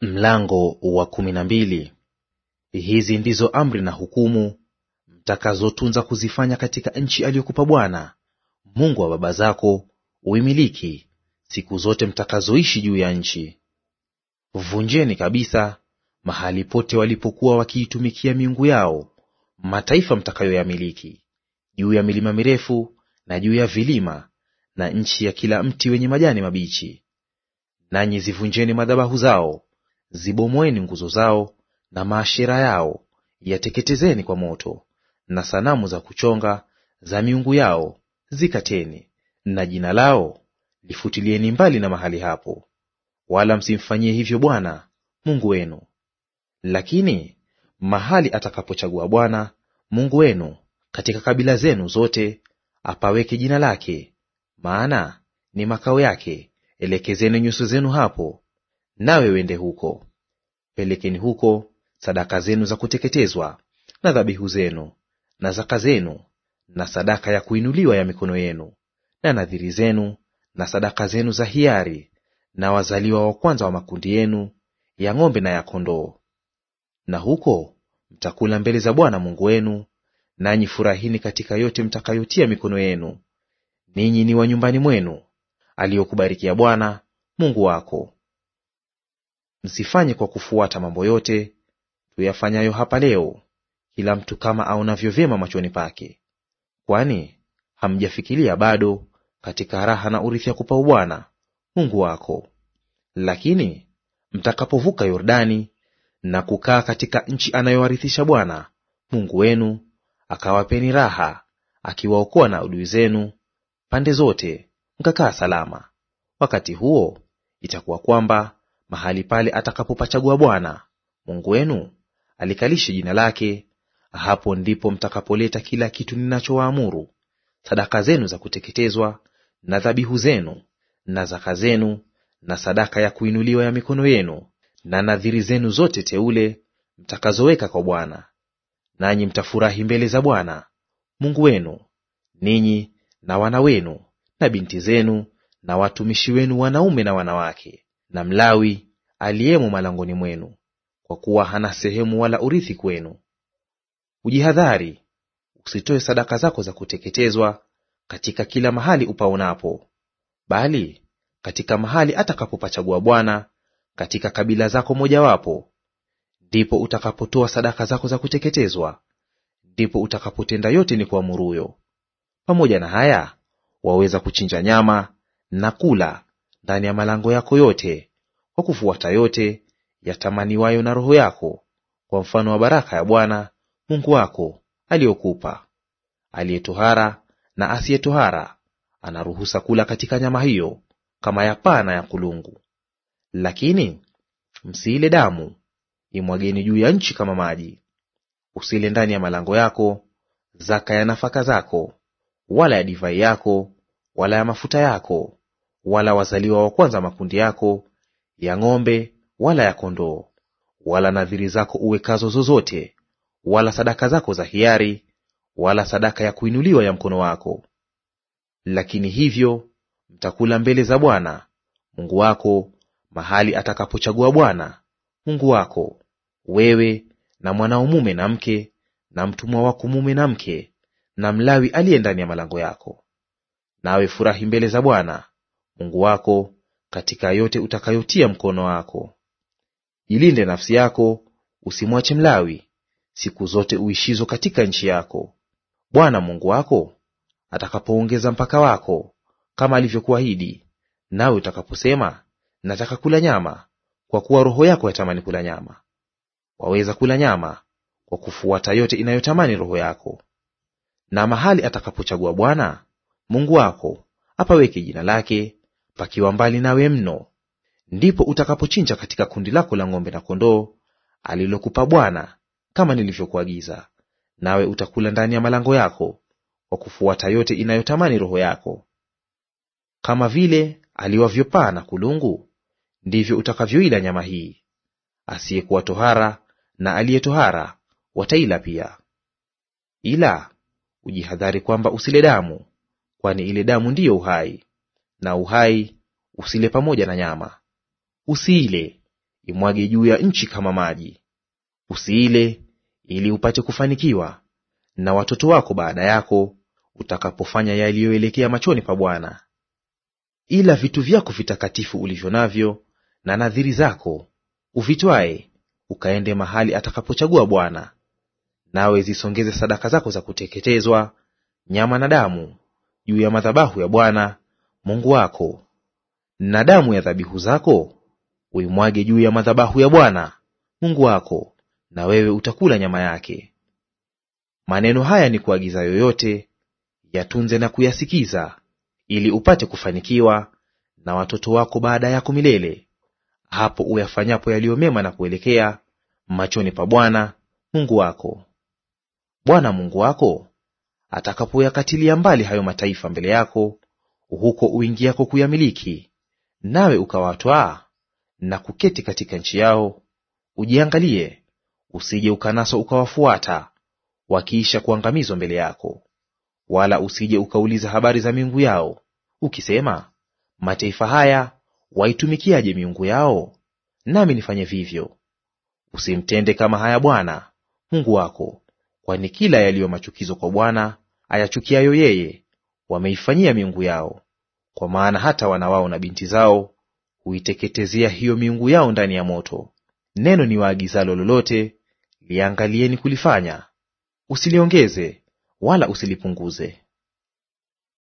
Mlango wa kumi na mbili. Hizi ndizo amri na hukumu mtakazotunza kuzifanya katika nchi aliyokupa Bwana Mungu wa baba zako uimiliki siku zote mtakazoishi juu ya nchi. Vunjeni kabisa mahali pote walipokuwa wakiitumikia miungu yao mataifa mtakayoyamiliki, juu ya milima mirefu na juu ya vilima, na nchi ya kila mti wenye majani mabichi. Nanyi zivunjeni madhabahu zao Zibomweni nguzo zao na maashera yao yateketezeni kwa moto, na sanamu za kuchonga za miungu yao zikateni, na jina lao lifutilieni mbali na mahali hapo. Wala msimfanyie hivyo Bwana Mungu wenu. Lakini mahali atakapochagua Bwana Mungu wenu katika kabila zenu zote apaweke jina lake, maana ni makao yake, elekezeni nyuso zenu hapo nawe wende huko. Pelekeni huko sadaka zenu za kuteketezwa na dhabihu zenu na zaka zenu na sadaka ya kuinuliwa ya mikono yenu na nadhiri zenu na sadaka zenu za hiari na wazaliwa wa kwanza wa makundi yenu ya ng'ombe na ya kondoo. Na huko mtakula mbele za Bwana Mungu wenu, nanyi furahini katika yote mtakayotia mikono yenu, ninyi ni wa nyumbani mwenu aliyokubarikia Bwana Mungu wako. Msifanye kwa kufuata mambo yote tuyafanyayo hapa leo, kila mtu kama aonavyo vyema machoni pake, kwani hamjafikilia bado katika raha na urithi akupao Bwana Mungu wako. Lakini mtakapovuka Yordani na kukaa katika nchi anayowarithisha Bwana Mungu wenu, akawapeni raha, akiwaokoa na adui zenu pande zote, mkakaa salama; wakati huo itakuwa kwamba mahali pale atakapopachagua Bwana Mungu wenu alikalishe jina lake, hapo ndipo mtakapoleta kila kitu ninachowaamuru, sadaka zenu za kuteketezwa na dhabihu zenu na zaka zenu na sadaka ya kuinuliwa ya mikono yenu na nadhiri zenu zote teule mtakazoweka kwa Bwana. Nanyi mtafurahi mbele za Bwana Mungu wenu, ninyi na wana wenu na binti zenu na watumishi wenu wanaume na wanawake, na Mlawi aliyemo malangoni mwenu, kwa kuwa hana sehemu wala urithi kwenu. Ujihadhari usitoe sadaka zako za kuteketezwa katika kila mahali upaonapo, bali katika mahali atakapopachagua Bwana katika kabila zako mojawapo, ndipo utakapotoa sadaka zako za kuteketezwa, ndipo utakapotenda yote ni kuamuruyo. Pamoja na haya waweza kuchinja nyama na kula ndani ya malango yako yote, kwa kufuata yote yatamaniwayo na roho yako, kwa mfano wa baraka ya Bwana Mungu wako aliyokupa. Aliyetohara na asiyetohara anaruhusa kula katika nyama hiyo, kama ya paa na ya kulungu. Lakini msiile damu, imwageni juu ya nchi kama maji. Usile ndani ya malango yako zaka ya nafaka zako, wala ya divai yako, wala ya mafuta yako, wala wazaliwa wa kwanza makundi yako ya ng'ombe wala ya kondoo, wala nadhiri zako uwekazo zozote, wala sadaka zako za hiari, wala sadaka ya kuinuliwa ya mkono wako. Lakini hivyo mtakula mbele za Bwana Mungu wako mahali atakapochagua Bwana Mungu wako, wewe na mwanao mume na mke na mtumwa wako mume na mke na Mlawi aliye ndani ya malango yako. Nawe furahi mbele za Bwana Mungu wako katika yote utakayotia mkono wako. Ilinde nafsi yako, usimwache Mlawi siku zote uishizo katika nchi yako. Bwana Mungu wako atakapoongeza mpaka wako kama alivyokuahidi, nawe utakaposema, nataka kula nyama, kwa kuwa roho yako yatamani kula nyama, waweza kula nyama kwa kufuata yote inayotamani roho yako. Na mahali atakapochagua Bwana Mungu wako apaweke jina lake pakiwa mbali nawe mno, ndipo utakapochinja katika kundi lako la ng'ombe na kondoo alilokupa Bwana kama nilivyokuagiza. Nawe utakula ndani ya malango yako kwa kufuata yote inayotamani roho yako. Kama vile aliwavyo paa na kulungu, ndivyo utakavyoila nyama hii. Asiyekuwa tohara na aliye tohara wataila pia. Ila ujihadhari kwamba usile damu, kwani ile damu ndiyo uhai na uhai usile pamoja na nyama. Usiile, imwage juu ya nchi kama maji. Usiile ili upate kufanikiwa, na watoto wako baada yako, utakapofanya yaliyoelekea machoni pa Bwana. Ila vitu vyako vitakatifu ulivyo navyo na nadhiri zako uvitwae, ukaende mahali atakapochagua Bwana. Nawe zisongeze sadaka zako za kuteketezwa, nyama na damu, juu ya madhabahu ya Bwana Mungu wako, na damu ya dhabihu zako uimwage juu ya madhabahu ya Bwana Mungu wako, na wewe utakula nyama yake. Maneno haya ni kuagiza yoyote, yatunze na kuyasikiza, ili upate kufanikiwa na watoto wako baada yako milele, hapo uyafanyapo yaliyo mema na kuelekea machoni pa Bwana Mungu wako. Bwana Mungu wako atakapoyakatilia mbali hayo mataifa mbele yako huko uingiako kuyamiliki, nawe ukawatwaa na kuketi katika nchi yao, ujiangalie usije ukanaswa ukawafuata wakiisha kuangamizwa mbele yako. Wala usije ukauliza habari za miungu yao, ukisema, mataifa haya waitumikiaje miungu yao? Nami nifanye vivyo. Usimtende kama haya Bwana Mungu wako, kwani kila yaliyo machukizo kwa Bwana ayachukiayo yeye wameifanyia miungu yao, kwa maana hata wana wao na binti zao huiteketezea hiyo miungu yao ndani ya moto. Neno ni waagizalo lolote, liangalieni kulifanya; usiliongeze wala usilipunguze.